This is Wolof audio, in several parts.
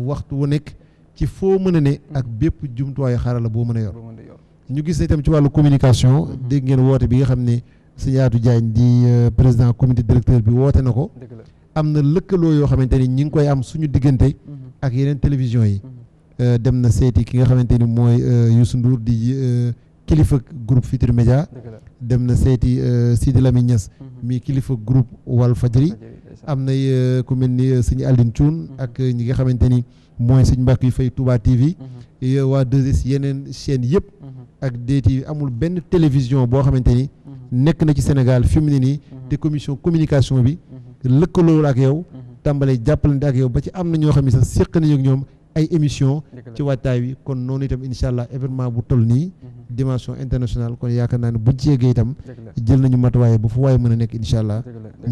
waxtu wu nekk ci foo mën ne ak bépp jumtuwaayu xarala boo mën a yor ñu gis ne itam ci wàllu communication mhm. dégg ngeen woote bi nga xam ne sëñ Atou Diagne di euh, président comité directeur bi woote na ko am na lëkkaloo yoo xamante ni ñi ngi koy am suñu diggante mhm. ak yeneen télévision yi mhm. euh, dem na seeti ki nga xamante ni mooy euh, Youssou Ndour di kilifa groupe Futurs Médias dem na seeti euh, Sidi Lamine Niass mhm. mi kilifa groupe Walfadjri am na euh, ku mel ni euh, sëñ Aline Thioune mhm. ak ñi nga xamante ni mooy sëñ mbàkk yu fay Touba TV mhm. waa 2S yeneen chaîne yëpp ak DTV amul benn télévision boo xamante ni nekk na ci Sénégal fi mu ne nii te commission communication bi lëkkaloo ak yow tàmbalee jàppalante ak yow ba ci am na ñoo xam ne sax séq ak ñoom ay émission ci waajtaay wi kon noonu itam incha allah événement bu toll nii mhm. dimension internationale kon yaakaar naa ne buñ ci yeggee itam jël nañu matuwaay bu fu waaye mën a nekk incha allah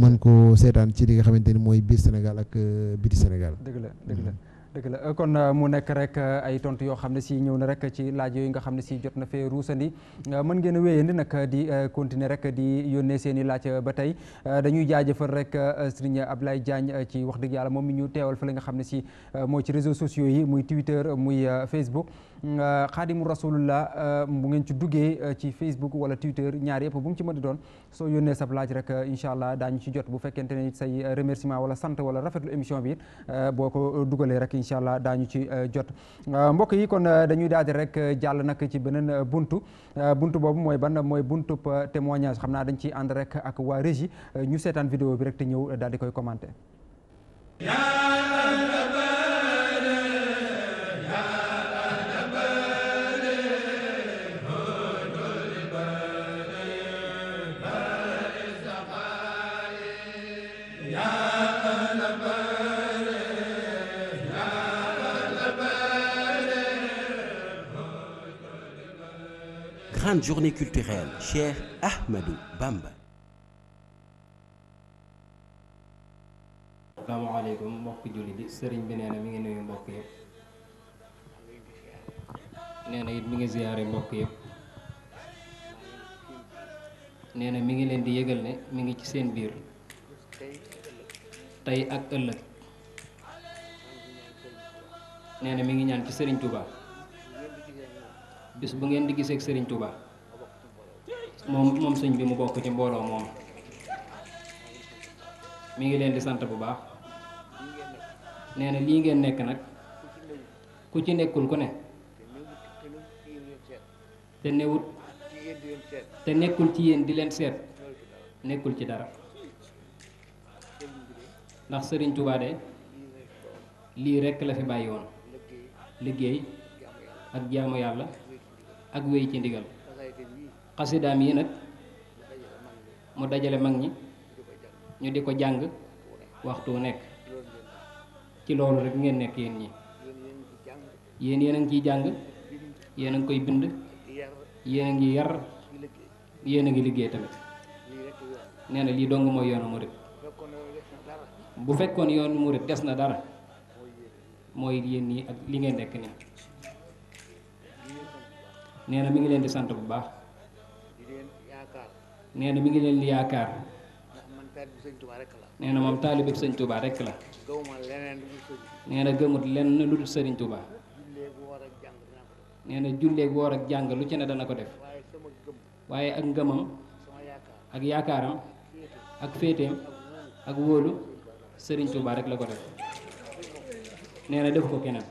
mën ko seetaan ci li nga xamante ni mooy biir Sénégal ak euh, biti Sénégal dëgg la dëgg dégg la kon euh, mu nekk rek euh, ay tontu yoo xam ne si ñëw na rek ci laaj yooyu nga xam ne si jot na fee ruusandi euh, mën ngeen a wéyandi nag di continuer rek di yónnee seen i laaj ba tey dañuy jaajëfal rek Serigne Ablaye Diagne ci wax dëgg yàlla moom mi ñu teewal fa la nga xam ne si moo ci réseau sociaux yi muy Twitter muy Facebook. xaadimu rasulullah euh, bu ngeen ci duggee euh, ci Facebook wala Twitter ñaar yëpp bu mu ci mën di doon soo yónnee sa laaj rek euh, incha allah daañu ci jot bu fekkente ne say remerciement wala sant wala rafetlu émission bi boo ko dugalee rek incha allah daañu ci jot mbokk yi kon dañuy daal rek jàll nag ci beneen buntu bunt boobu mooy ban mooy buntu témoignage xam naa dañ ciy ànd rek ak waa régie ñu seetaan vidéo bi rek te ñëw daal di koy commenter. grande journée culturelle Cheikh Ahmadou Bamba. asalaamaaleykum mbokk julli di sëriñ bi nee na mi ngi nuyu mbokk yëpp nee na mi ngi ziyaare mbokk yépp nee mi ngi leen di yëgal ne mi ngi ci seen biir tey ak ëllëg nee mi ngi ñaan ci sëriñ Touba. bis bu ngeen di gisee ak Serigne Touba moom moom sëñ bi mu bokk ci mbooloo moom mu ngi leen di sant bu baax nee na lii ngeen nekk nag ku ci nekkul ku ne te newut te nekkul ci yéen di leen seet nekkul ci dara ndax sëriñ Touba de lii rekk la fi bàyyi woon liggéey ak jaamu yàlla. ak wéy ci ndigal xasidaam yi nag mu dajale mag ñi ñu di ko jàng waxtu nekk ci loolu rek ngeen nekk yéen ñi yéen yéen a ngi ciy jàng yéen a ngi koy bind yéen a ngi yar yéen a ngi liggéey tamit nee na lii dong mooy yoonu murit bu fekkoon yoon murit des na dara mooy yéen ñi ak li ngeen nekk nii nee na mi ngi leen di sant bu baax. nee na mi ngi leen di yaakaar. nee na moom taalibe sëñ Touba rek la. nee na gëmut lenn lu dul sëriñ Touba. nee na julleeg woor ak jàng lu ci ne dana ko def. waaye ak ngëmam. ak yaakaaram. ak féeteem. ak wóolu sëriñ Touba rek la ko def. nee na ko keneen.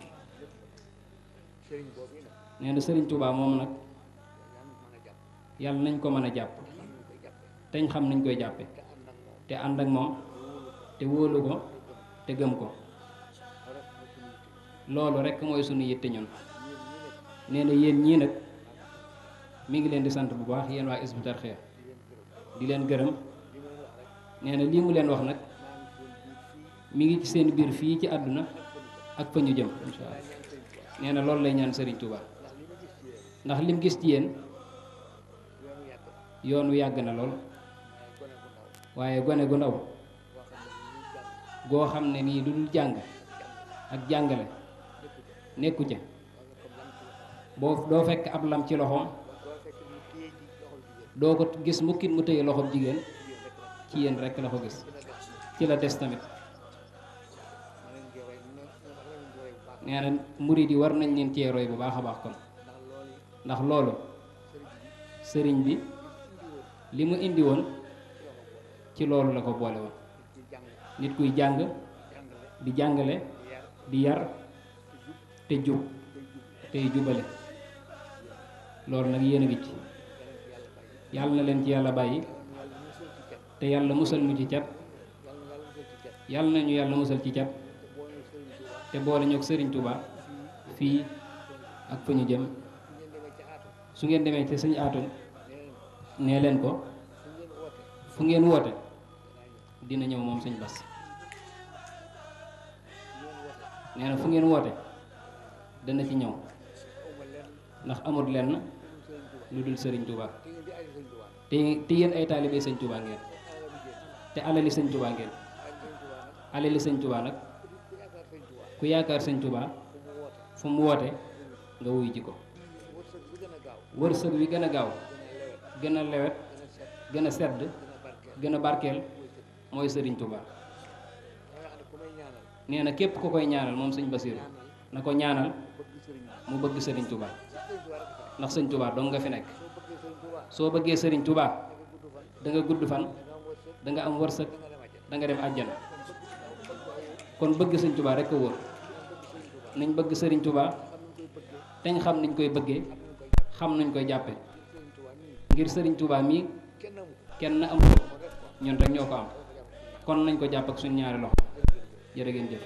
nee sëriñ Touba moom nag yàlla nañ ko mën a jàpp teñ xam nañ koy jàppe te ànd ak moom te wóolu ko te gëm ko loolu rekk mooy sunu yitte ñun nee na yéen ñii nag mu ngi leen di sant bu baax yéen waa Hizbut Tarqiyyah di leen gërëm nee na lii mu leen wax nag mu ngi ci seen biir fii ci àdduna ak fa jëm incha allah loolu lay ñaan sëriñ Touba. ndax lim gis ci yéen yoonu yàgg na lool waaye gone gu ndaw goo xam ne nii du dul jàng ak jàngale nekku ca boo doo fekk ab lam ci loxoom doo ko gis mukkit mu tëye loxoom jigéen ci yéen rekk la ko gis ci la des tamit nee na murid yi war nañ leen ceerooy roy bu baax a baax kon ndax loolu sëriñ bi li mu indi woon ci loolu la ko boole woon nit kuy jàng di jàngale di yar te jub tey jubale loolu nag yéen a ci yàlla na leen ci yàlla bàyyi te yàlla musal mu ci cat yàlla na ñu yàlla musal ci cat te boole ñoog Sëriñ Tuubaa fii ak fa ñu jëm su ngeen demee ci suñu aatu nee leen ko fu ngeen woote dina ñëw moom sëñ bas nee na fu ngeen woote dana ci ñëw ndax amut lenn lu dul sëriñ Tuubaa te te yéen ay taalibe sëñ Tuubaa ngeen te alali sëñ Tuubaa ngeen alali sëñ Tuubaa nag ku yaakaar sëñ Tuubaa fu mu woote nga wuy ji ko wërsëg wi gën a gaaw gën a lewet gën a sedd gën a barkeel mooy Serigne Touba nee na képp ku koy ñaanal moom sëñ Basiru na ko ñaanal mu bëgg Serigne Touba ndax sëñ tubaa dong nga fi nekk soo bëggee sëriñ Touba da nga gudd fan da am wërsëg da nga dem àjjana kon bëgg sëñ tubaa rek a wóor nañ bëgg sëriñ Touba te ñu xam niñ koy bëggee. xam nañ koy jàppe ngir sëriñ Touba kenn amu ko nañ ko jàpp ak suñ ñaari loxo jërë ngeen jëf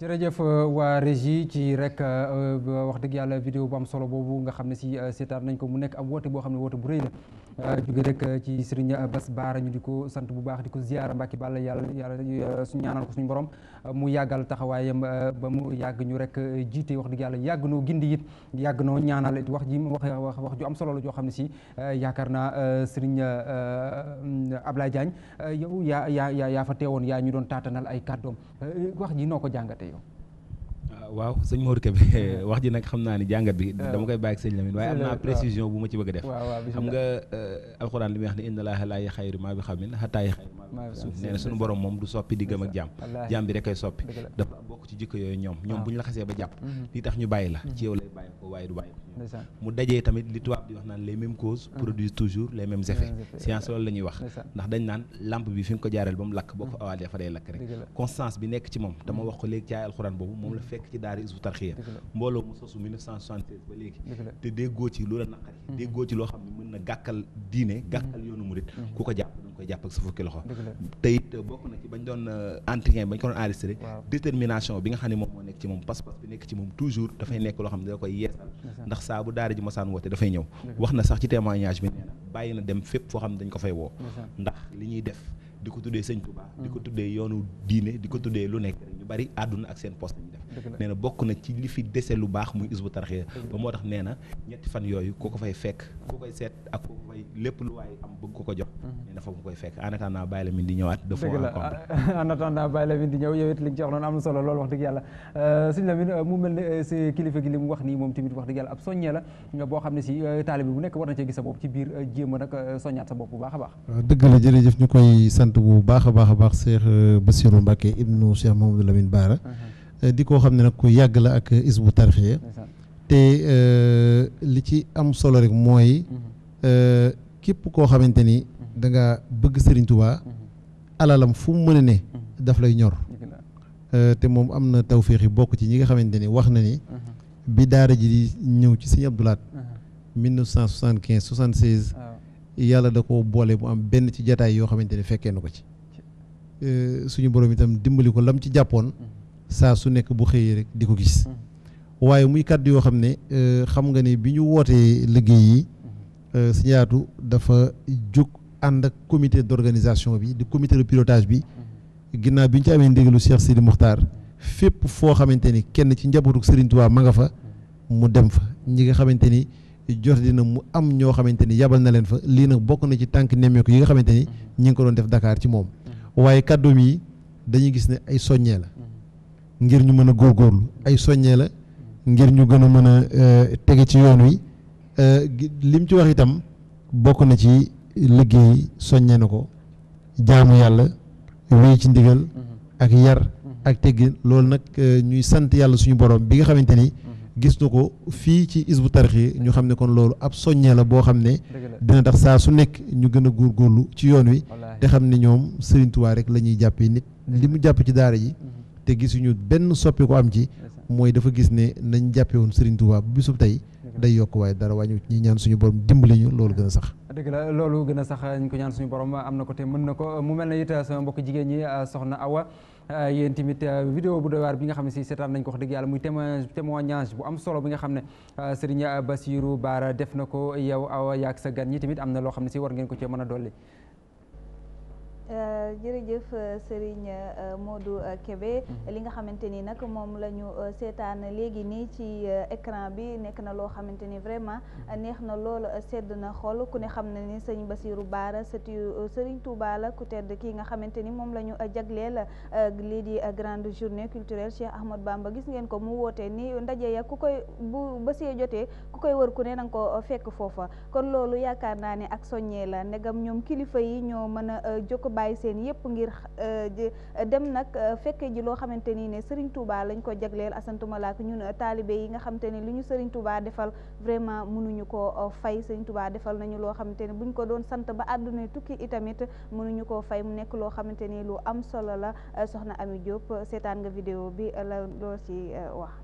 jërëjëf euh, waa régie ci rek euh, wax dëgg yàlla vidéo bu am solo boobu nga xam ne si euh, nañ ko mu nekk am woote boo xam ne woote bu rëy la jóge euh, rek euh, ci Serigne Bass Baara ñu di ko sant bu baax di ko ziyaara Mbàkke Bàlla yàlla yàlla euh, suñu ñaanal ko suñu borom mu yàggal taxawaayam ba mu yàgg ñu rek jiite wax dëgg yàlla yàgg noo gindi it yàgg noo ñaanal wax ji wax wax wax ju am solo la joo xam ne si yaakaar naa Serigne Ablaye Diagne yow yaa yaa yaa fa teewoon yaa ñu doon taatanal ay kàddoom wax ji noo ko jàngatee yow waaw sëñ Mor Kébé wax ji nag xam naa ni jàngat bi dama koy bàyyi ak sëñ Lamine waaye am naa précision bu ma ci bëgg a def xam nga euh, alxuraan li muy wax ne inna laaha laa yaxayru maa bi xawmin hattaa yaxayru maa bi suuf nee na suñu borom moom du soppi diggam ak jaam jaam bi rek koy soppi dafa bokk ci jikko yooyu ñoom ñoom bu ñu la xasee ba jàpp mhm. li tax ñu bàyyi la mhm. ci yow lay bàyyi ko waaye du bàyyi ko mu dajee tamit li wax naan les mêmes causes mhm. produisent toujours les mêmes effets science loolu la ñuy wax ndax dañ naan lampe daara Hizbut Tarqiyyah mbooloo mu te déggoo ci lu la naqari déggoo ci loo xam ne mën na gàkkal diine gàkkal yoonu murit ku ko jàpp da koy jàpp ak sa fukki loxo te euh, dafay nekk loo xam ne da yeesal ndax saa bu daara ji mosaan woote dafay ñëw wax na sax ci témoignage bi nee bàyyi na dem fépp foo xam ne dañ ko fay woo ndax li ñuy def di ko tuddee sëñ Touba. di ko tuddee yoonu diine di ko tuddee lu nekk ñu bari àdduna ak seen poste nee na bokk na ci li fi dese lu baax muy isbu tarxiya ba moo tax nee na ñetti fan yooyu ku ko fay fekk ku koy seet ak ku ko fay lépp lu waaye am bëgg ko ko jox mhm. nee na foofu koy fekk en attendant bàyyi la min di ñëwaat de fond en attendant bàyyi la min di ñëw yow it li nga na solo loolu wax dëgg euh, euh, euh, gi li mu wax nii moom tamit wax dëgg yàlla ab soññee boo xam ne si taalibe bu nekk war na cee gis sa bopp ci biir jéem a nag soññaat sa bopp bu baax a baax dëgg la jërëjëf ñu koy sant bu baax a baax a baax Cheikh Bassirou Mbacké ibnu Cheikh Mahamadou Lamine Bara mhm. di koo xam ne nag ku yàgg la ak isbu tarxiya te euh, li ci am solo rek mooy mm-hmm. euh, képp koo xamante ni mm-hmm. da bëgg Serigne Touba mm-hmm. alalam fu mu mën a ne daf lay ñor euh, te moom am na tawféex yi bokk ci ñi nga xamante ni wax na ni bi daara ji ñëw ci Serigne Abdou Lahad 1975 76 yàlla da ko boole mu am benn ci jataay yoo xamante ni fekkee na ko ci suñu borom itam dimbali ko lam ci jàppoon saa su nekk bu xëyee rek di ko gis mm-hmm. waaye muy kàddu yoo xam ne euh, xam nga ne bi ñu wootee liggéey yi mm-hmm. euh, Sëñ dafa jóg ànd ak comité d'organisation bi di comité de pilotage bi mm-hmm. ginnaaw bi ñu ci amee ndigalu Cheikh Sidi Muxtaar fépp foo xamante ni kenn ci njabootu Serigne Touba ma nga fa mu dem fa ñi nga xamante ni jot dina mu am ñoo xamante ni yabal na leen fa lii nag bokk na ci tànk nemmeeku yi nga xamante ni ñu ngi ko doon def Dakar ci moom waaye kàddu mi ngir ñu mën a góorgóorlu ay soññee la ngir ñu gën a mën a euh, tege ci yoon wi euh, lim ci wax itam bokk na ci liggéey soññee na ko jaamu yàlla wéy ci ndigal mm-hmm. ak yar mm-hmm. ak teggi loolu nag euh, ñuy sant yàlla suñu borom bi nga xamante ni mm-hmm. gis na ko fii ci isbu yi ñu xam ne kon loolu ab soññee la boo xam ne dina tax saa su nekk ñu gën a góorlu ci yoon wi te xam ne ñoom Sëriñ Tuubaa rek la ñuy jàppee nit li mu jàpp ci daara ji te gisuñu benn soppi ko am ci mooy dafa gis ne nañ jàppe woon Serigne Touba bu bisub tey day yokk waaye dara wàññi ñi ñaan suñu borom dimbali ñu loolu gën a sax loolu gën a sax ñu ko ñaan suñu borom am na ko te mën na ko mu mel ne it sama mbokk jigéen ñi soxna Awa yéen tamit vidéo bu doy waar bi nga xam ne si seetaan nañ ko wax yàlla muy témoignage bu am solo bi nga xam ne Serigne Bassirou Bara def na ko yow Awa yaak sa gan ñi tamit am na loo xam ne si war ngeen ko cee mën a dolli Euh, jërëjëf euh, Serigne euh, Modou kebe mhm. li nga xamante ni nag moom lañu seetaan léegi nii ci écran bi nekk na loo xamante ni vraiment mhm. neex na lool sedd na xol ku ne xam na ni sëñ Basirou Baara sëtu Serigne Touba la ku tedd kii nga xamante ni moom la ñu jagleel lii di grande journée culturelle Cheikh Ahmad Bamba gis ngeen ko mu wootee ni ndaje ya ku koy bu bësee jotee ku koy wër ku ne nag ko fekk foofa kon loolu yaakaar naa ne ak soññee la ndegam ñoom kilifa yi ñoo mën a jokk bàyyi seen yëpp ngir euh, euh, dem nag euh, fekkee ji loo xamante nii ne Serigne Touba lañ ko jagleel asantuma laak ñun taalibe yi nga xamante ni lu ñu Serigne Touba defal vraiment mënuñu ko fay Serigne Touba defal nañu loo xamante ni buñ ko doon sant ba àdduna tukki itamit mënuñu koo fay mu nekk loo xamante ni lu am solo la soxna Ami Diop seetaan nga vidéo bi la loo ci wax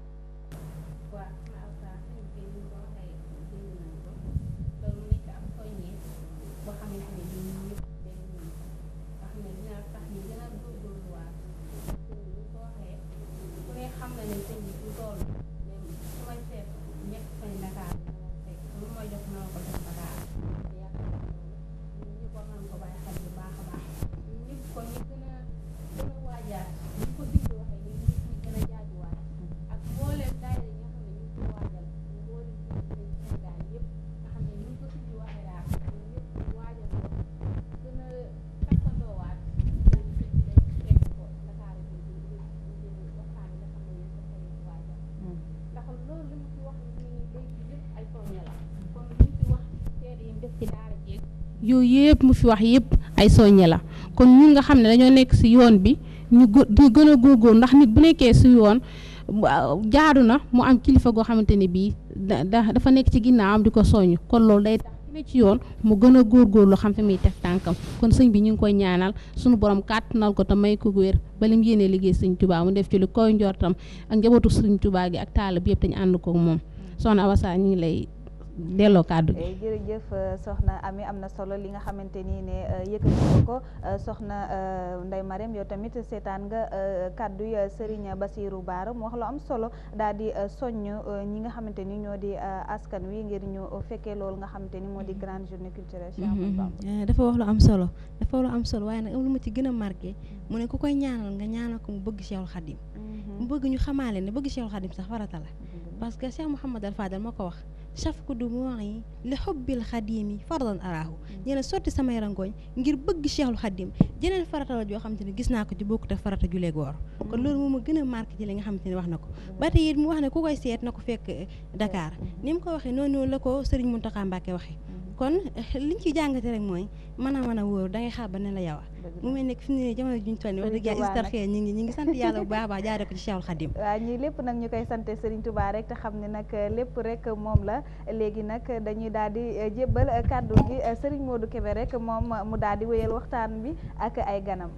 yooyu yëpp mu fi wax yëpp ay soññe la kon ñun nga xam ne dañoo nekk si yoon bi ñu gën a góor ndax nit bu nekkee si yoon jaadu na mu am kilifa goo xamante ne bii da dafa nekk ci am di ko soññ kon loolu day tax ne ci yoon mu gën a góorgóorlu xam fi muy teg tànkam kon sëñ bi ñu ngi koy ñaanal sunu borom kàttanal ko te may ko wér ba lim yéene liggéey sëñ Tuubaa mu def ci lu koy njortam ak njabootu sëñ Tuubaa gi ak taal bi yëpp dañu ànd kook moom soxna Awa ñu ngi lay. delloo kàddu gi eh, jërëjëf eh, soxna Ami am na solo li nga xamante nii ne eh, yëkkati ko soxna ndey Marème yow tamit seetaan nga kàddu yi Serigne Bassirou Bara mu wax lu am solo daal di soññ ñi nga xamante ni ñoo di askan wi ngir ñu fekkee loolu nga xamante ni moo di mm-hmm. grande journée culturelle mm-hmm. dafa wax lu am solo dafa am solo waaye nag am lu ma ci gën a marqué mu ne ku koy ñaanal nga ñaanal ko mu bëgg Cheikhul Khadim mm-hmm. mu bëgg ñu xamaale ne bëgg Cheikhul Khadim sax farata la parce que Cheikh moo ko wax ku du mooy li xubbil yi faradan araahu nee mm. na sotti samay rangooñ ngir bëgg cheikhul xadim jeneen farata la xam xamante ne gis naa ko ci bokkut ak farata julee goor kon loolu moom a gën a ji ci li nga xamante ne wax na ko ba tey it mu wax ne ku koy seet na ko fekk dakaar mm. ni mu ko waxee noonu la ko Serigne Mountakha Mbacké waxee mm. kon liñ ciy jàngate rek mooy mën a mën a wóor dangay xaar ba ne la yow ah. mu mel ne fi mu jamono juñ toll nii wax dëgg yàlla istarxee ñu ngi ñu ngi sant yàlla bu baax a baax jaare ko ci Cheikhul Khadim waaw ñii lépp nag ñu koy sante Serigne Touba rek te xam ne nag lépp rek moom la léegi nag dañuy daal di jébbal kàddu gi Serigne Modou Kébé rek moom mu daal di wéyal waxtaan bi ak ay ganam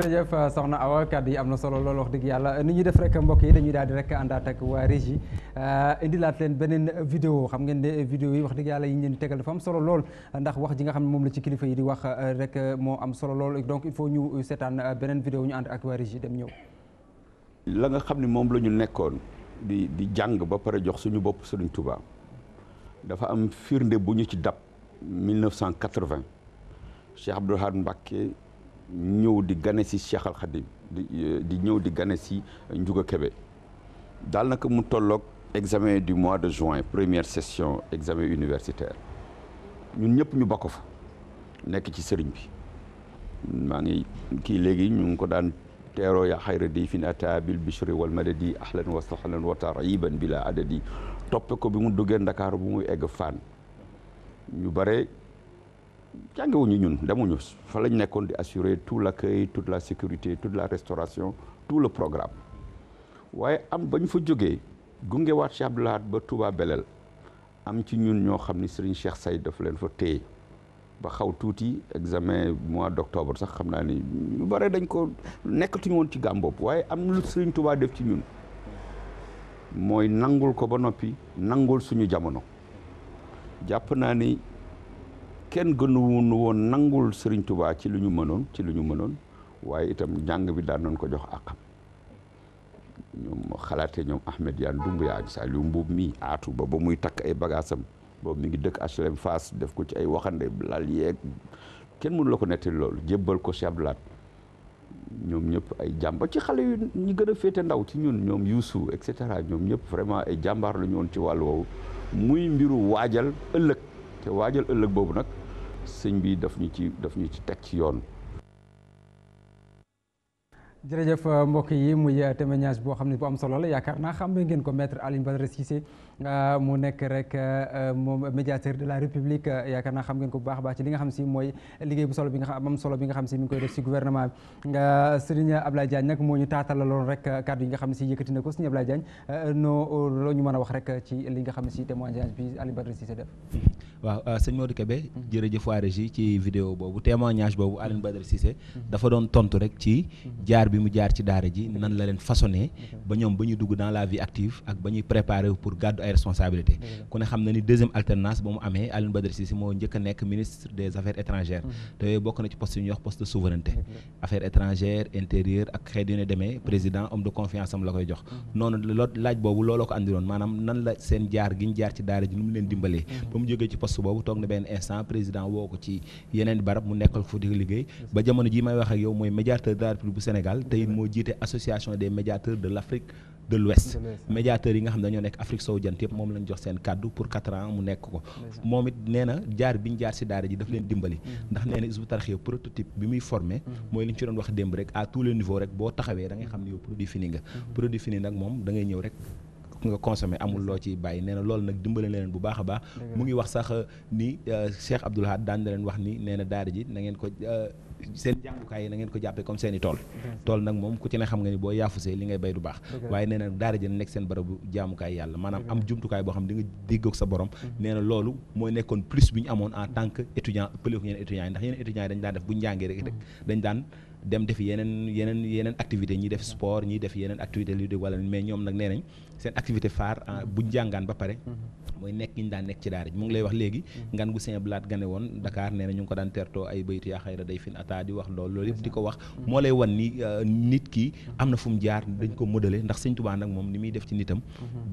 jërëjëf soxna Awa kàddu yi am na solo loolu wax dëgg yàlla ni ñuy def rek mbokk yi dañuy daal di rek àndaat ak waa régie euh, indilaat leen beneen vidéo xam ngeen ne vidéo yi wax dëgg yàlla yi ñu leen tegal dafa am solo lool ndax wax ji nga xam ne moom la ci kilifa yi di wax euh, rek euh, moo am solo lool donc il faut ñu seetaan beneen vidéo ñu ànd ak waa régie dem ñëw nga xam ne moom la ñu nekkoon di di jàng ba pare jox suñu bopp Sëriñ Tuubaa dafa am firnde bu ñu ci dab 1980 Cheikh Abdoul Ahad Mbacké ñëw di gane si Cheikh Al eh, di ñëw di gane si Ndiouga Kébé daal naka mu tollook examen du mois de juin première session examen universitaire ñun ñëpp ñu bako fa nekk ci sëriñ bi maa ngi kii léegi ñu ngi ko daan teeroo yaa xayra di fi nataa bil bishri wal madadi ahlan wa sahlan wa tariban bila adadi toppe ko bi mu duggee ndakaaru bu mu egg Fann ñu bare jàngewuñu ñun demuñu fa lañ nekkoon di assurer tout la l'accueil tout la sécurité toute la restauration tout le programme waaye am bañ fa jógee gungewaat Cheikh Abdoul Ahad ba Touba Belel am ci ñun ñoo xam ni Serigne Cheikh Say dafa leen fa téye ba xaw tuuti examen mois d'octobre sax xam naa ni ñu bare dañ ko nekkatuñu woon ci gàmboop waaye am lu Serigne Touba def ci ñun mooy nangul ko ba noppi nangul suñu jamono jàpp naa ni kenn gënuwunu woon nangul Serigne Touba ci lu ñu mënoon ci lu ñu mënoon waaye itam njàng bi daan noon ko jox àqam ñoom xalaatee ñoom Ahmed Yane Doumbouya ak Saliou Mbuub mi aatu ba ba muy takk ay bagaasam boobu mi ngi dëkk HLM Fass def ko ci ay waxande lal yeeg kenn mënu la ko nettali loolu jébbal ko Cheikh Abdou ñëpp ay jàmba ci xale yu gën a féete ndaw ci ñun ñoom Youssou et cetera ñoom ñëpp vraiment ay jàmbaar la ci wàll woowu muy mbiru waajal ëllëg te waajal ëllëg boobu nag sëñ bi daf ñu ci daf ñu ci teg ci yoon. jërëjëf mbokk yi muy témoignage boo xam ne bu am solo la yaakaar naa xam ngeen ko maître Alioune Badara Cissé Euh, mu nekk rek euh, moom médiateur de la république euh, yaakaar naa xam ngeen ko bu baax baax ci li nga xam si mooy liggéey bu solo bi nga xam am solo bi nga xam si mi ngi koy def si gouvernement bi nga Serigne Ablaye Diagne nag si yëkkati na ko Serigne noo loo ñu mën a wax rek ci li nga xam si témoignage bi Alioune Badara Cissé def hmm. waaw sëñ Modou Kébé hmm. jërëjëf waa Régie ci vidéo boobu témoignage boobu Alioune hmm. Badara Cissé dafa doon tontu rek ci jaar bi mu jaar ci daara ji nan la leen façonné ay responsabilité ku ne xam na ni deuxième alternance ba mu amee Alioune Badara Cissé moo njëkk nekk ministre des affaires étrangères mmh. te yooyu bokk na ci poste yu ñuy wax poste de souveraineté affaires étrangères intérieur ak xeet yu demee mmh. président homme de confiance am la koy jox mmh. noonu loo laaj boobu looloo ko andiloon maanaam nan la seen jaar gi ñu jaar ci daara ji nu mu leen dimbalee ba mu jógee ci poste boobu toog na benn instant président woo ko de l'ouest médiateurs yi nga xam ne dañoo nekk Afrique sowu jant yëpp moom lañ jox seen kàddu pour quatre ans mu nekk ko moom it nee na jaar bi ñu jaar si daara ji daf leen mm-hmm. dimbali mm-hmm. ndax nee na Hizbut Tarqiyyah prototype bi muy formé mm-hmm. mooy li ci doon wax démb rek à tous les niveaux rek boo taxawee da xam ne yow produit fini nga produit fini nag moom da ñëw rek nga consommé amul loo ciy bàyyi nee na loolu nag dimbale leen bu baax a baax mu ngi wax sax euh, ni euh, Cheikh Abdoul Ahad daan na wax ni nee na daara ji na ngeen ko euh, seen jàngukaay yi na ko jàppee comme seen tool tool nag moom ku ci ne xam nga ni boo yaafusee li ngay bay du baax waaye nee na daara ji nekk seen barabu jaamukaay yàlla maanaam am jumtukaay boo xam di nga déggoog sa borom mm-hmm. nee loolu mooy nekkoon plus bi ñu amoon en tant que étudiant pëleeku ñeen étudiants yi ndax ñeen étudiants dañ daan def bu njàngee rek mm-hmm. dañ daan dem def yeneen yeneen yeneen activité ñi def sport ñi def yeneen activité ludique wala mais ñoom nag nee nañ seen activité phare buñ jàngaan ba pare mhm. mooy nekk ñu daan nekk ci daara mu ngi lay wax léegi mhm. ngan gu Saint gane woon Dakar nee na ñu ngi ko daan teertoo ay baytu yaa xayra day fin di wax loolu loolu di ko wax mhm. moo lay wan ni euh, nit ki am na fu mu jaar dañ ko modélé ndax Sëñ Tuubaa nag moom ni muy def ci nitam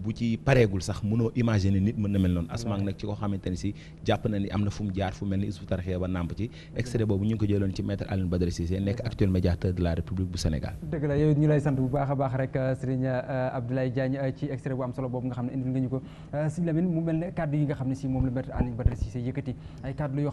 bu ci pareegul sax mënoo imaginer nit mën na mel noonu asmaang nag ci ko xamante ni si jàpp na ni am na fu mu jaar fu mel ni Hizbut Tarqiyyah ba nàmp ci extrait boobu ñu ngi actuel médiateur de la République bu Sénégal. dëgg la yow ñu lay sant bu baax a baax rek euh, sëriñ euh, Abdoulaye Diagne euh, ci extrait bu am solo boobu nga xam ne indil nga ñu ko sëriñ Lamine mu ne kaddu yi nga xam ne si moom la Maître Alioune Badara Cissé yëkkati ay kaddu la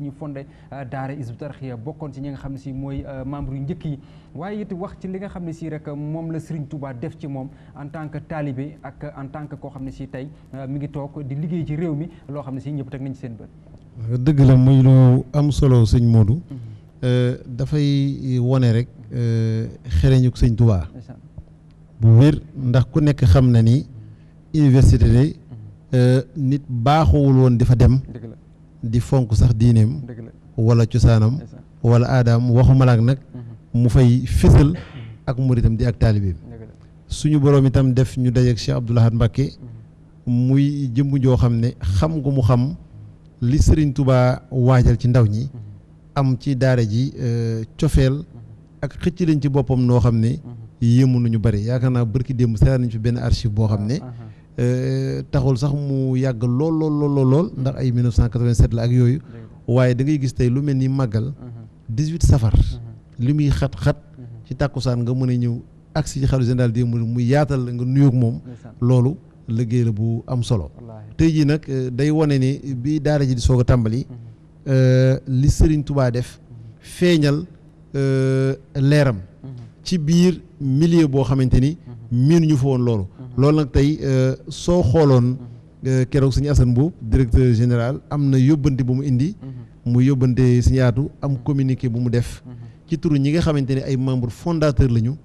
ñu fondé daara Hizbut nga xam ne si mooy membre yu njëkk yi waaye it wax ci li nga xam ne si rek moom la Serigne Touba def ci moom en tant que talibé ak en tant que koo xam ne si tey mu ngi toog di liggéey ci réew mi loo xam ne si ñëpp teg nañ ci seen bët dëgg la muy lu am solo sëñ Modou. Mhm. Euh, dafay wone rek euh, xereñuk sëñ Touba. bu wér ndax ku nekk xam na ni université de mhm. euh, nit baaxuwul woon di fa dem. di fonk sax diineem. wala cosaanam. wala aadaam waxumalaak nag. Mhm. mu fay fësal ak muritam di ak taalibeem suñu boroom itam def ñu dajeeg Cheikh Abdoul Ahad muy jëmm joo xam ne xam gu mu xam. li Serigne Touba waajal ci ndaw ñi mhm. am ci daara ji euh, cofeel mhm. ak xëcc leen ci boppam noo xam ne mhm. yéemu nañu bari yaakaar naa bërki démb seetaan nañu fi benn archive boo xam ne ah, ah, ah. Euh, taxul sax mu yàgg lool lool lool lool ndax ay 1987 la ak yooyu waaye da ngay gis tey lu mel ni màggal 18 safar li muy xat-xat ci tàkkusaan nga mën a ñëw agsi ci xalu daal di mu yaatal nga nuyoog moom loolu liggéey la bu am solo tey jii nag euh, day wone ni bi daara ji di soo a tàmbali mhm. euh, li Serigne tubaa def mhm. feeñal euh, leeram mhm. ci biir milieu boo xamante ni miin ñu fa woon loolu loolu nag tey soo xooloon keroog suñu Assane Mbuub directeur général am na yóbbante bu mu indi mu yóbbante si am communiqué bu mu def ci turu ñi nga xamante ne ay membre fondateur lañu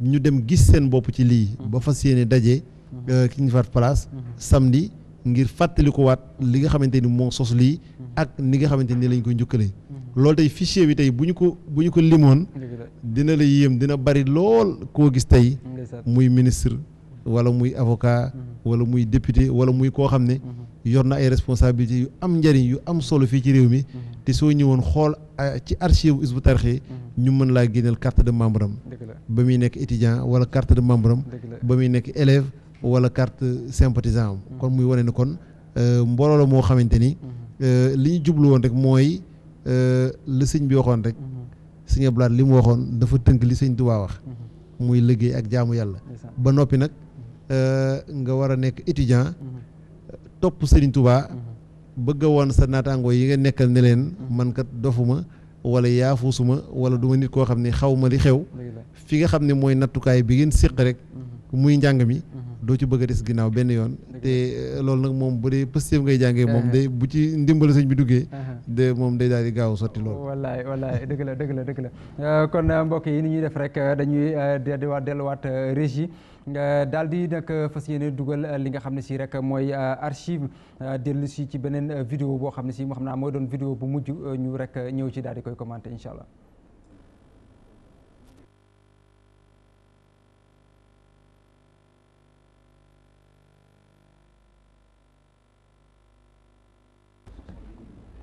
ñu dem gis seen bopp ci lii ba fas yéene daje Euh, King Fahd Palace. Mhm. samedi ngir ko waat li nga xamante ni moo sos lii. Mhm. ak ni nga xamante ni lañ koy njukkalee. Mhm. lool tey fichier bi tey bu ñu ko bu ñu ko limoon. dina la yéem dina bari lool koo gis tey. muy ministre wala muy avocat. wala muy député wala muy koo xam ne. yor na ay responsabilité yu am njëriñ yu am solo fii ci réew mi te soo ñëwoon xool ci archive bu Hizbut Tarqiyyah ñu mën laa génneel carte de membre am ba muy nekk étudiant wala carte wala carte sympathisant am kon muy wane ni kon euh, mbooloo la moo xamante ni mhm. euh, li ñu jublu woon rek mooy euh, li sëñ bi waxoon rek mhm. sëñ Abdou Lahad li mu waxoon dafa tënk li sëñ Tuubaa wax mhm. muy liggéey ak jaamu yàlla ba noppi nag nga war a nekk étudiant topp sëriñ Tuubaa bëgg woon sa naataangoo yi nga nekkal ne leen man kat dofuma wala yaafuusuma wala du ma nit koo xam ne xaw ma li xew fi nga xam ne mooy nattukaay bi ngeen séq rek muy njàng mi doo ci bëgg a des ginnaaw benn yoon te euh, loolu nag moom bu dee positif ngay jàngee moom uh-huh. de bu ci ndimbal sëñ bi duggee uh-huh. de moom day daal di gaaw sotti loolu wallaay wallaay dëgg la dëgg la dëgg la euh, kon euh, mbokk yi ni ñuy def rek dañuy delluwaat régi régie daal di nag fas yéene dugal li nga xam ne si rek mooy archive dellu si ci beneen vidéo boo xam ne si moo xam naa mooy doon vidéo bu mujj ñu rek ñëw ci daal di koy commenté incha allah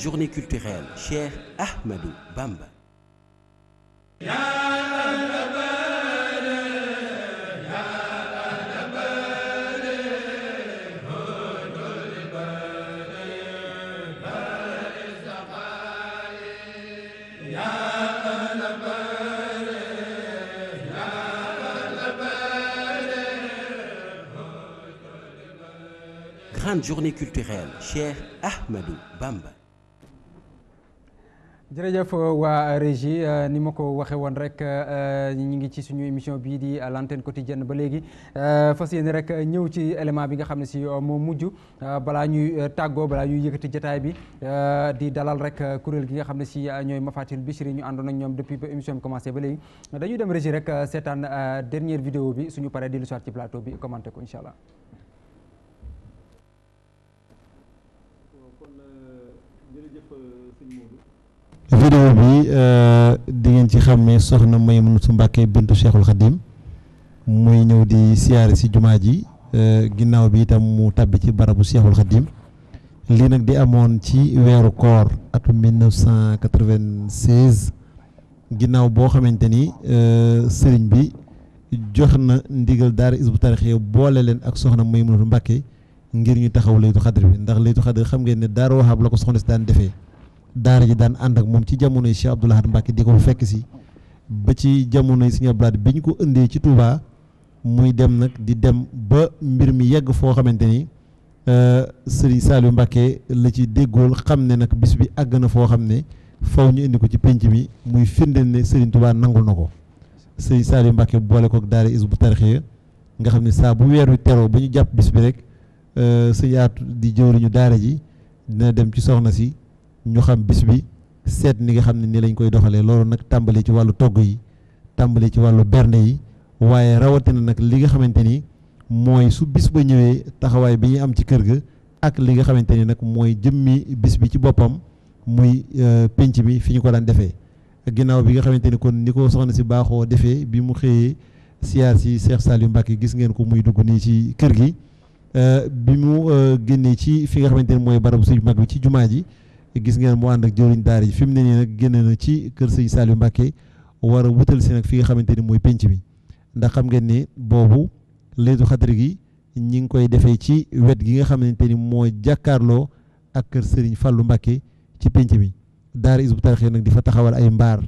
grande journée culturelle Cheikh Ahmadou Bamba. grande journée culturelle Cheikh Ahmadou Bamba jërëjëf euh, waa régie euh, ni ma ko waxee woon rek euh, ñu ngi ci suñu émission bii di l'antenne quotidienne ba léegi fas yéene rek ñëw ci élément bi nga xam ne si moo mujj balaa ñuy tàggoo balaa ñuy yëkkati jataay bi di dalal rek kuréel gi nga xam ne si ñooy Mafatil Bichri ñu àndoon ak ñoom depuis ba émission bi commencé ba léegi dañuy dem régie rek seetaan dernière vidéo bi suñu paree di lu ci plateau bi commenté ko incha allah. vidéo bi euh, di ngeen ci xàmmee soxna may Maymunatu Mbàkke bintu Cheikhul Khadim muy ñëw di siyaare si jumaa ji euh, ginnaaw bi itam mu tàbbi ci barabu Cheikhul Khadim lii nag di amoon ci weeru koor atum 1996 ginnaaw boo xamante ni euh, sëriñ bi jox na ndigal daara isbu tarixee boole leen ak soxna Maymunatu Mbàkke ngir ñu taxaw laytu xadr bi ndax laytu xadr xam ngeen ne daara waxaab la ko soxna si daan defee daara ji daan ànd ak moom ci jamono Cheikh Abdoul Ahad Mbacké di ko fekk si ba ci jamono Serigne Abdoul Ahad bi ñu ko indee ci Touba muy dem nag di dem ba mbir mi yegg foo xamante ni euh, Serigne Saliou Mbacké la ci déggool xam ne nag bis bi àgg na foo xam ne faw ñu indi ko ci penc mi muy firndeel ne Serigne Touba nangul na ko Serigne Saliou Mbacké boole ko koog daara Hizbut Tarqiyyah nga xam ne saa bu weer wi teroo ba ñu jàpp bis bi rek euh, Serigne Atou di jëwriñu daara ji dina dem ci soxna si. ñu xam bis bi seet ni nga xam ne ni lañ koy doxalee loolu nag tàmbali ci wàllu togg yi tàmbali ci wàllu bernde yi waaye rawatina nag li nga xamante ni mooy su ba ñëwee taxawaay bi ñu am ci kër ga ak li nga xamante ni nag mooy jëmmi bis bi ci boppam muy euh, penc bi fi ñu ko daan defee. ginnaaw bi nga xamante ni kon ni ko soxna si baaxoo defee bi mu xëyee siyaar si Cheikh Saliou Mbacké gis ngeen ko muy dugg nii ci kër gi euh, bi mu euh, génnee ci fi nga xamante ni mooy barabu suñu mag bi ci jumaa ji. gis ngeen mu ànd ak jëwriñ daara ji fi mu ne nii nag génne na ci kër sëñ Saliou Mbacké war a wutal si nag fi nga xamante ni mooy penc mi ndax xam ngeen ni boobu leetu xadri gi ñi ngi koy defee ci wet gi nga xamante ni moo jàkkaarloo ak kër sëriñ Fallou Mbacké ci penc mi daara Hizbut Tarqiyyah nag di fa taxawal ay mbaar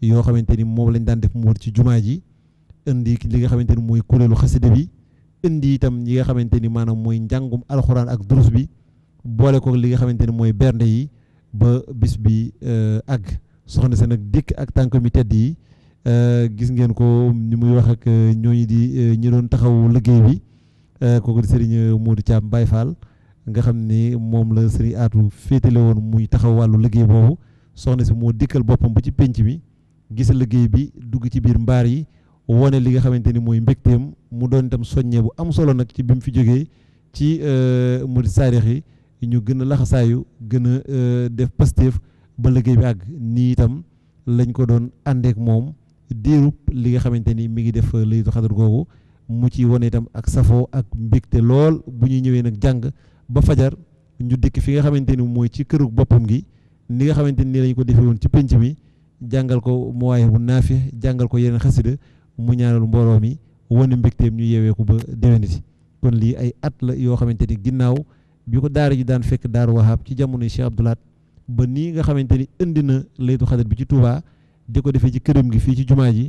yoo xamante ni moom lañ daan def mu ci jumaa ji indi li nga xamante ni mooy kuréelu xasida bi indi itam ñi nga xamante ni maanaam mooy njàngum alxuraan ak durus bi boole ko li nga xamante ni mooy bernde yi ba bis bi euh, àgg soxna si nag dikk ak tànkam yu tedd yi euh, gis ngeen ko ni muy wax ak euh, ñooñu di ñi doon taxaw liggéey bi kooku di Serigne Modou Thiam Baye Fall nga xam ni moom la Serigne Atou féetale woon muy taxaw wàllu liggéey boobu soxna si moo dikkal boppam bu ci pénc mi gis liggéey bi dugg ci biir mbaar yi wone li nga xamante ni mooy mbégteem mu doon itam soññee bu am solo nag ci bi mu fi jógee ci murid saarix yi ñu gën a laxasaayu gën a euh, def pastéef ba liggéey bi àgg nii itam lañ ko doon àndeek moom diirub li nga xamante ni mi ngi def euh, laylatul xadar googu mu ci wane itam ak safoo ak mbégte lool bu ñuy ñëwee nag jàng ba fajar ñu dikk fi nga xamante ni mooy ci këru boppam gi ni nga xamante ni lañ ko defee ci pénc mi jàngal ko muwaaye bu naafi jàngal ko yeneen xasida mu ñaanal mbooloo mi wane mbégteem ñu yeewee ko ba déwéniti kon lii ay at la yoo xamante ni bi ko daara ji daan fekk daaru wahab ci jamono Cheikh Abdoulaat ba nii nga xamante ni indi na laytu xadar bi ci Touba di ko defee ci këram gi fii ci jumaa ji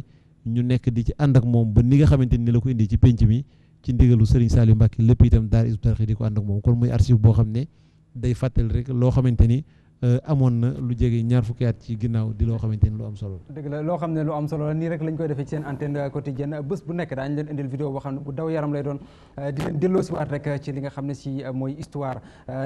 ñu nekk di ci ànd ak moom ba ni nga xamante ni la ko indi ci penc mi ci ndigalu Serigne Saliou Mbacke lépp itam daara Hizbut Tarqiyyah di ko ànd ak moom kon muy archive boo xam ne day fàttali rek loo xamante ni Euh, amoon na lu jege ñaar fukki at ci ginnaaw di loo xamante ni lu solo la. la loo xam ne lu am solo la nii rek lañ koy defee ci seen antenne quotidienne bés bu nekk daañu leen indil vidéo boo xam ne bu daw yaram euh, li nga xam ne si euh, mooy histoire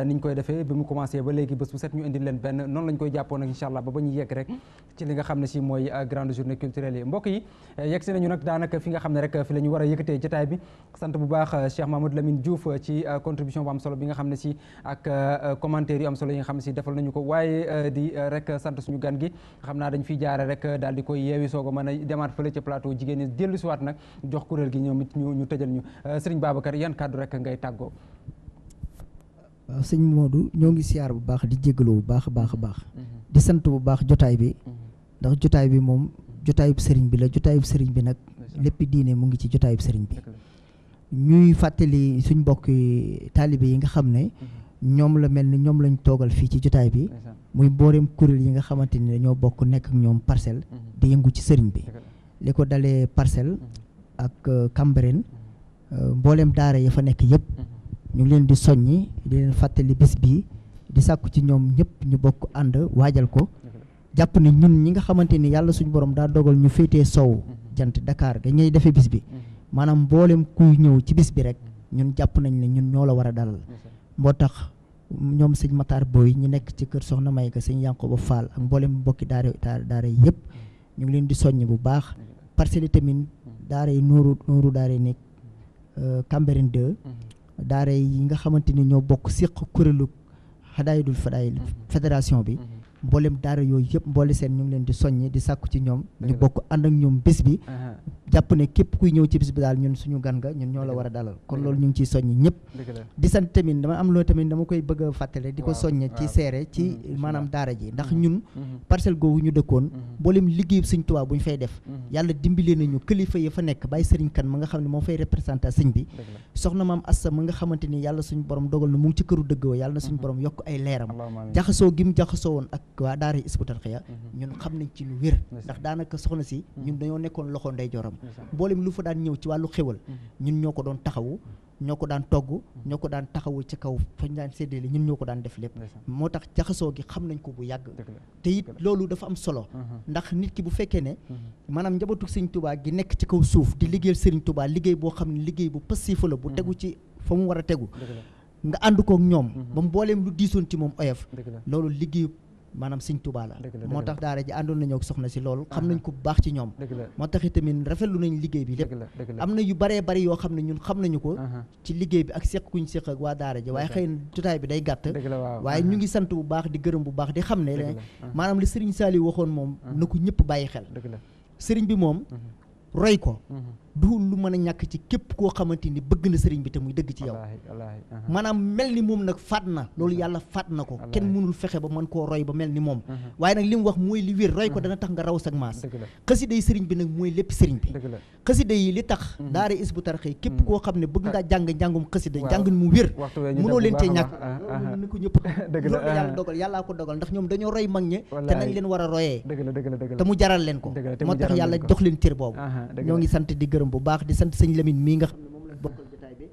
ni ñu koy defee ba mu commencé ba léegi bés bu set ñu indil leen benn lañ koy jàppoon nag incha allah ba ba yegg rek ci li nga xam ne si mooy grande journée culturelle yi mbokk yi yegg si nañu nag daanaka fi nga xam ne rek fi la ñu war a yëkkatee jotaay bi sant bu baax Cheikh Mamadou Lamine Diouf ci contribution bu am solo bi nga xam ne si ak commentaire yu am xam si defal nañu ko waaye euh, di euh, rek euh, sant suñu gan gi xam naa dañ fiy jaare rek daal di koy yeewi soo ko mën a demaat fële ca plateau jigéen ñi dellu siwaat nag jox kuréel gi ñoom it ñu tëjal ñu sëriñ Babacar yan kàddu rek ngay tàggoo waaw sëñ Modou ñoo ngi siyaar bu baax di jégaloo bu baax baax a baax mm-hmm. di sant bu baax jotaay bi mm-hmm. ndax jotaay bi moom jotaayub sëriñ bi la jotaayub sëriñ bi nag lépp diine mu ngi ci jotaayub sëriñ bi ñuy fàttali suñ mbokki taalibe yi nga xam ne mm-hmm. ñoom la mel ni ñoom lañu toogal fii ci jotaay bi muy mbooreem kuréel yi nga xamante ni dañoo bokk nekk ñoom parcelle mhm. di yëngu ci sëriñ bi li ko dalee parcelle mhm. ak euh, Cambérène mhm. euh, mbooleem daara yi fa nekk yëpp ñu ngi leen di soññi di leen fàttali bis bi di sàkku ci ñoom ñëpp ñu bokk ànd waajal ko jàpp ne ñun ñi nga xamante ni yàlla suñu borom daa dogal ñu féetee sow jant dakaar ga ñuy defee bis bi maanaam mbooleem kuy ñëw ci bis bi rek ñun jàpp nañ ne ñun ñoo la war a dalal moo tax ñoom sëñ Matar Boy ñi nekk ci kër Soxna May ga sëñ Yankoba Fall ak mboolem mbokki daara daara yëpp ñu ngi leen di soññ bu baax parcelles yi tamit daara yi nooru nooru daara yi nekk euh, Cambérène 2 daara yi nga xamante ni ñoo bokk séq kuréelu xadaayidul fadaayil fédération bi mboolem daara yooyu yëpp mboole seen ñu ngi leen di soññ di sàkku ci ñoom ñu bokk ànd ak ñoom bés bi uh-huh. jàpp ne képp kuy ñëw ci bis bi daal ñun suñu gan nga ñun ñoo la war a dalal kon loolu ñu ngi ciy soññ ñëpp di sant tamit dama am loo tamit dama koy bëgg a fàttale di ko soññ ci seere ci mm-hmm. maanaam daara ji ndax mm-hmm. ñun mm-hmm. parcelle googu ñu dëkkoon mboolem liggéey suñ tubaab bu ñu fay def yàlla dimbali nañu kilifa yi fa nekk bàyyi sëriñ kan ma nga xam ne moo fay représenté sëñ bi soxna maam Assa ma nga xamante ni yàlla suñu borom dogal na mu ci këru dëgg xam-xam mboolem lu fa daan ñëw ci wàllu xéwal ñun ñoo ko doon taxawu ñoo ko daan togg ñoo ko daan taxawu ci kaw fañ daan séddale ñun ñoo ko daan def lépp moo tax jaxasoo gi xam nañ ko bu yàgg te it loolu dafa am solo ndax nit ki bu fekkee ne maanaam njabootu sëriñ tubaa gi nekk ci kaw suuf di liggéeyal sëriñ tubaa liggéey boo xam ne liggéey bu passif la bu tegu ci fa mu war a tegu nga ànd kook ñoom ba mbooleem lu diisoon ci moom oyof loolu liggéey maanaam Sëñ Tuubaa la moo tax daara ji àndoon nañu ak soxna si loolu xam nañ ko bu baax ci ñoom moo tax rafet rafetlu nañ liggéey bi lépp am na yu baree bari yoo xam ne ñun xam nañu ko ci liggéey bi ak seq kuñ seq ak waa daara ji waaye xëy na jotaay bi day gàtt waaye ñu ngi sant bu baax di gërëm bu baax di xam ne le maanaam li Sëriñ Saliou waxoon moom na ko ñëpp bàyyi xel sëriñ bi moom roy ko du lu mën a ñàkk ci képp koo xamante ni bëgg na sëriñ bi te muy dëgg ci yow uh-huh. maanaam mel ni moom nag faat na loolu uh-huh. yàlla faat na ko kenn mënul fexe ba mën koo roy ba mel ni moom uh-huh. waaye nag li mu wax mooy li wér roy ko dana tax nga raw sag maas xasida yi sëriñ bi nag mooy lépp sëriñ bi xasida yi li tax daara Hizbut Tarqiyyah képp koo xam ne bëgg ngaa jàng njàngum xasida jàng mu wér mënoo leen cee ñàkk loolu ni ko ñëpp loolu yàlla dogal yàllaa ko dogal a royee gërëm bu di sant sëñ la mii nga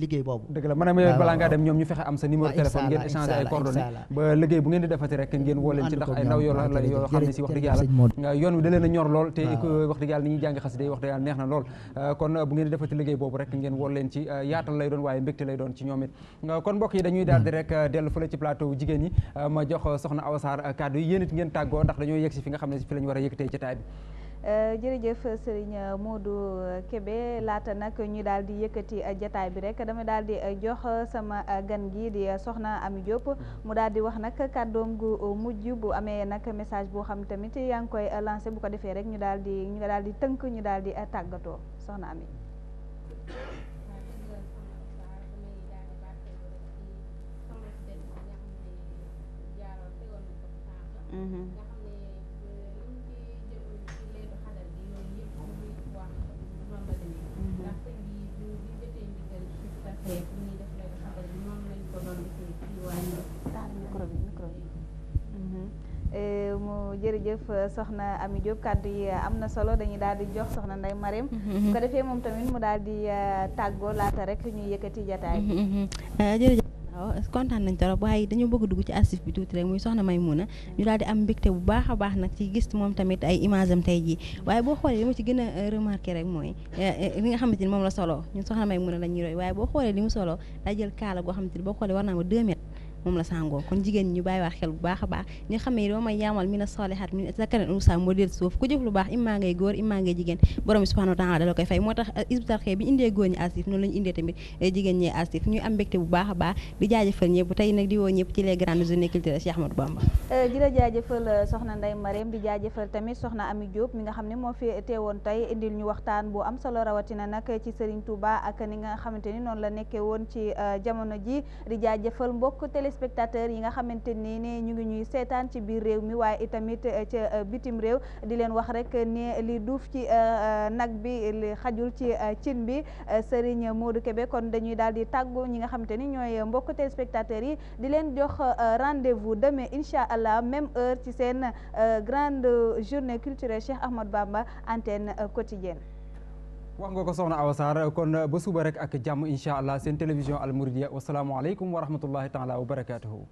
liggéey boobu dëgg la yooyu balaa ngaa dem ñoom ñu fexe am sa numéro téléphone ngeen échanger ay coordonnées ba liggéey bu ngeen di defati si rek ngeen woo leen ci yaatal lay doon waaye mbégte lay doon ci ñoom euh, kon mbokk yi dañuy daal di rek euh, dellu fële ci plateau jigéen yi euh, ma jox soxna Awa Sarr kàddu ngeen tàggoo ndax dañoo yegg fi nga xam ne fi lañu war a yëkkatee jotaay bi Euh, jërëjëf Serigne euh, Modou euh, Kébé laata nag ñu daal di yëkkati jataay bi rek dama daal di jox sama gan gi di soxna Ami Diop mu daal di wax nag kàddoom gu mujj bu amee nag message boo xam tamit yaa ngi koy lancé bu ko defee rek ñu daal di daal di tënk ñu daal di tàggatoo soxna Ami. Mm-hmm. mu jërëjëf soxna Ami Diop kàddu yi am na solo dañuy daal di jox soxna Ndeye Marème bu mm-hmm. ko defee moom tamit mu daal di eh, tàggoo laata rek ñuy yëkkati jataay bi mm-hmm. eh, jërëjëf waaw kontaan nañ trop waaye dañoo bëgg dugg ci arsif bi tuuti rek muy soxna Maymuna ñu daal di am mbégte bu baax a baax nag ci gis moom tamit ay image am tey jii waaye boo xoolee li ma ci gën a euh, remarqué rek mooy euh, euh, li nga xamante ni moom la solo ñu soxna Maymuna la ñuy waaye boo xoolee li mu solo daa jël kaala goo xamante ni boo xoolee war naa ma deux moom la sàngoo kon jigéen ñi ñu bàyyi wax xel bu baax a baax ñu xam ne doo may yaamal mi na solihaat mi sakkanen usa moo del suuf ku jëf lu baax immaa ngay góor immaa ngay jigéen borom moo tax eh, eh, a eh, indil ñu waxtaan bu am solo rawatina nag ci Serigne Touba ak ni nga xamante ni noonu la nekkee woon ci jamono ji di jaajëfal mbokk télé téléspectateurs yi nga xamante ni ne ñu ngi ñuy seetaan ci biir réew mi waaye itamit eh, ca eh, bitim réew di leen wax rek ne li duuf ci eh, nag bi li xajul ci cin bi Serigne Modou Kébé kon dañuy daal di tàggu ñi nga xamante ni ñooy mbokk spectateurs yi di leen jox rendez-vous demain incha allah même heure ci seen grande journée culturelle Cheikh Ahmad Bamba antenne quotidienne wax nga ko soxna Awa Sarr kon ba suba rek ak jàmm incha allah seen télévision Al Mouridiyyah wasalaamualeykum wa rahmatullahi taala wa barakaatuhu.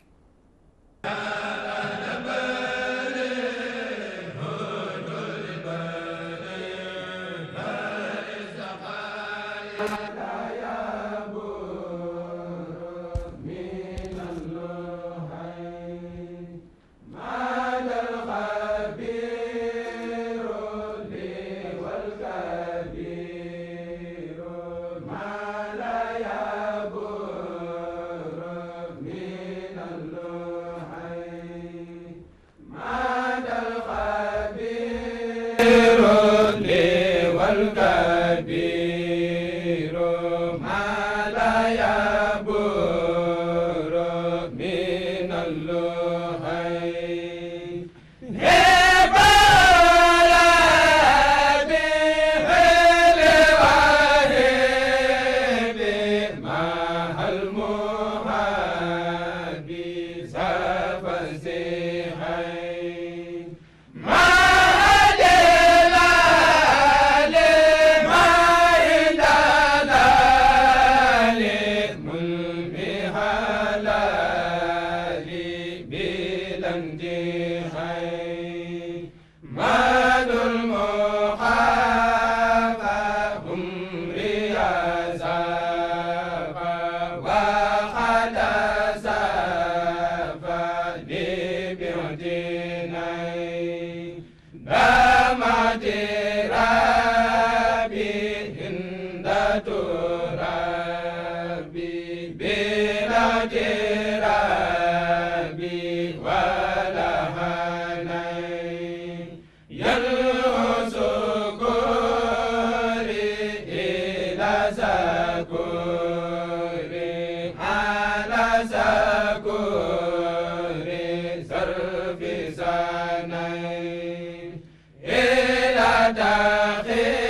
sarbi sanay ila taxi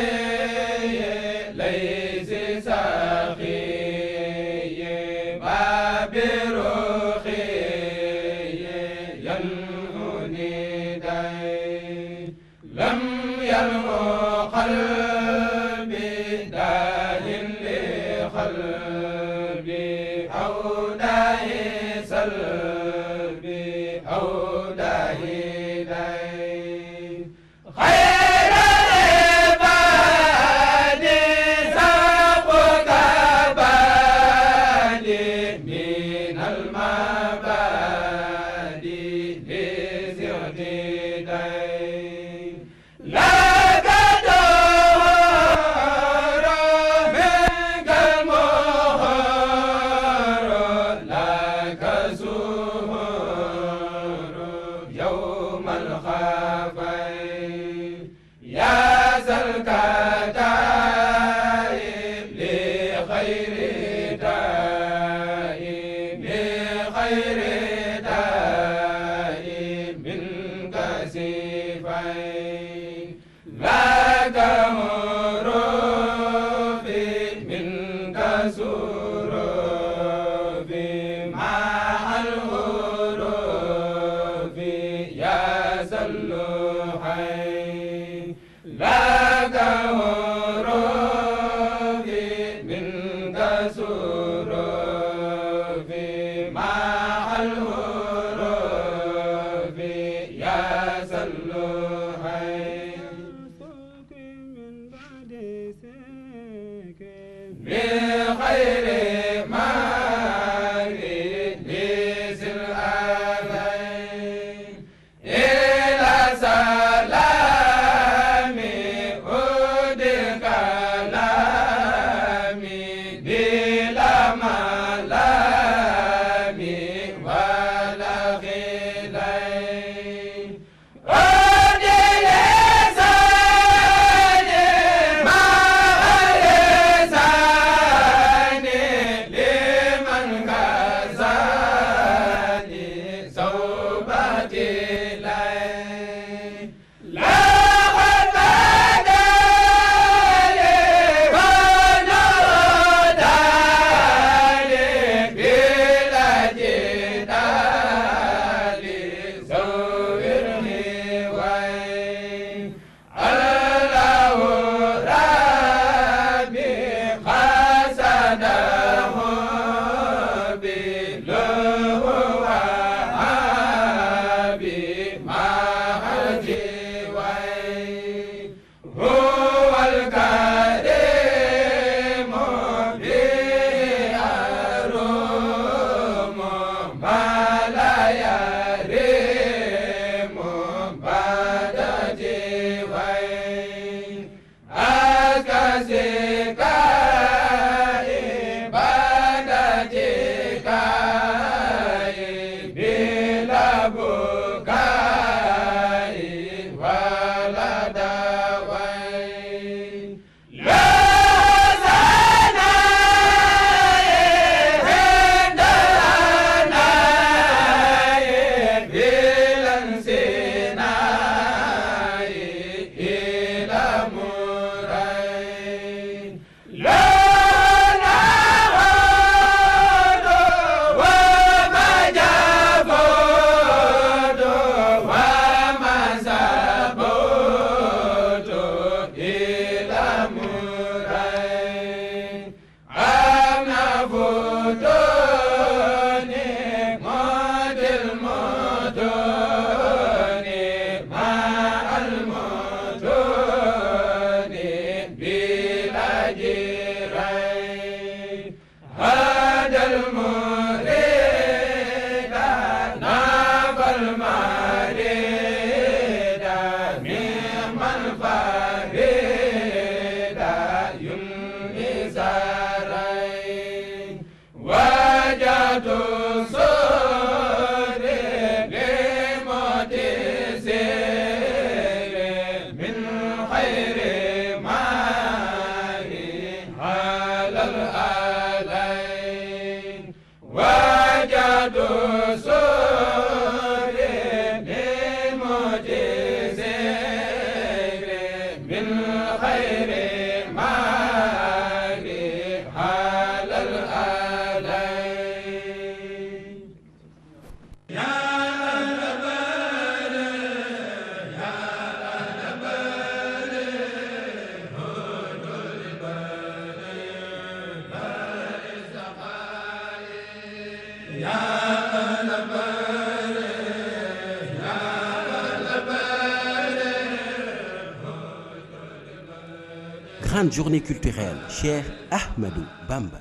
grande journée culturelle, cher Ahmadou Bamba.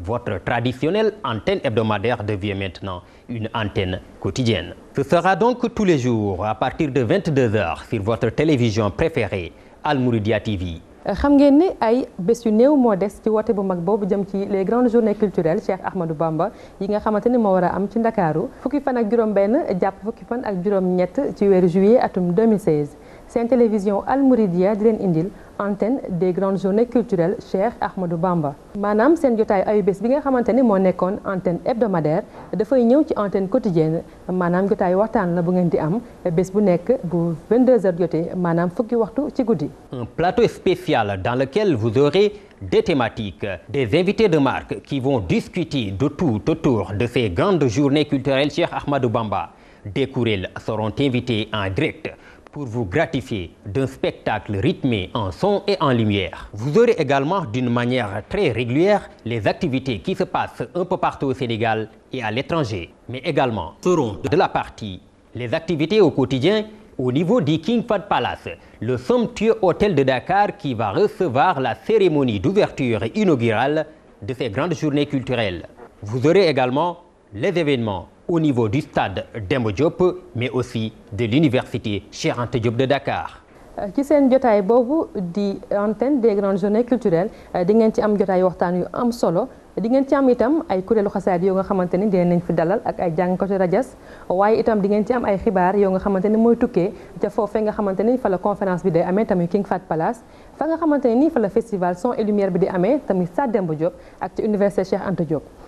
Votre traditionnelle antenne hebdomadaire devient maintenant une antenne quotidienne. Ce sera donc tous les jours à partir de 22h sur votre télévision préférée Al Mouridia TV. xam ngeen ni ay bés yu néew moo des ci woote bu mag boobu jëm ci les grandes journées culturelles Cheikh Ahmadou Bamba yi nga xamante ni moo war a am ci Ndakaaru fukki fan ak juróom benn jàpp fukki fan ak juróom ñett ci weeru juillet atum 2016 seen télévision Al Mouridiyyah di leen indil antenne des grandes journées culturelles Cheikh Ahmadou Bamba. maanaam seen jotaay ayu bés bi nga xamante ni moo nekkoon antenne hebdomadaire dafay ñëw ci antenne quotidienne maanaam jotaayu waxtaan la bu ngeen di am bés bu nekk bu 22h jotee maanaam fukki waxtu ci guddi. un plateau spécial dans lequel vous aurez des thématiques des invités de marque qui vont discuter de tout autour de ces grandes journées culturelles Cheikh Ahmadou Bamba des kuréel seront invités en direct. pour vous gratifier d'un spectacle rythmé en son et en lumière. Vous aurez également d'une manière très régulière les activités qui se passent un peu partout au Sénégal et à l'étranger, mais également de la partie les activités au quotidien au niveau du King Fahd Palace, le somptueux hôtel de Dakar qui va recevoir la cérémonie d'ouverture inaugurale de ces grandes journées culturelles. Vous aurez également les événements au niveau du stade Demba Diop mais aussi de l'université Cheikh Anta Diop de Dakar. Euh, ci seen jotaay boobu di antenne de grande journées culturelles euh, di ngeen ci am jotaay waxtaan yu am solo di ngeen ci am itam ay kuréelu xasaayid yoo nga xamante ni dinañ fi dalal ak ay jàngkatu rajas waaye itam di ngeen ci am ay xibaar yoo nga xamante ni mooy tukkee ca foofee nga xamante ni fa la conférence bi day amee tamit King Fahd Palace fa nga xamante ni fa la festival son et lumière bi di amee tamit stade Demba Diop ak ci université Cheikh Anta Diop.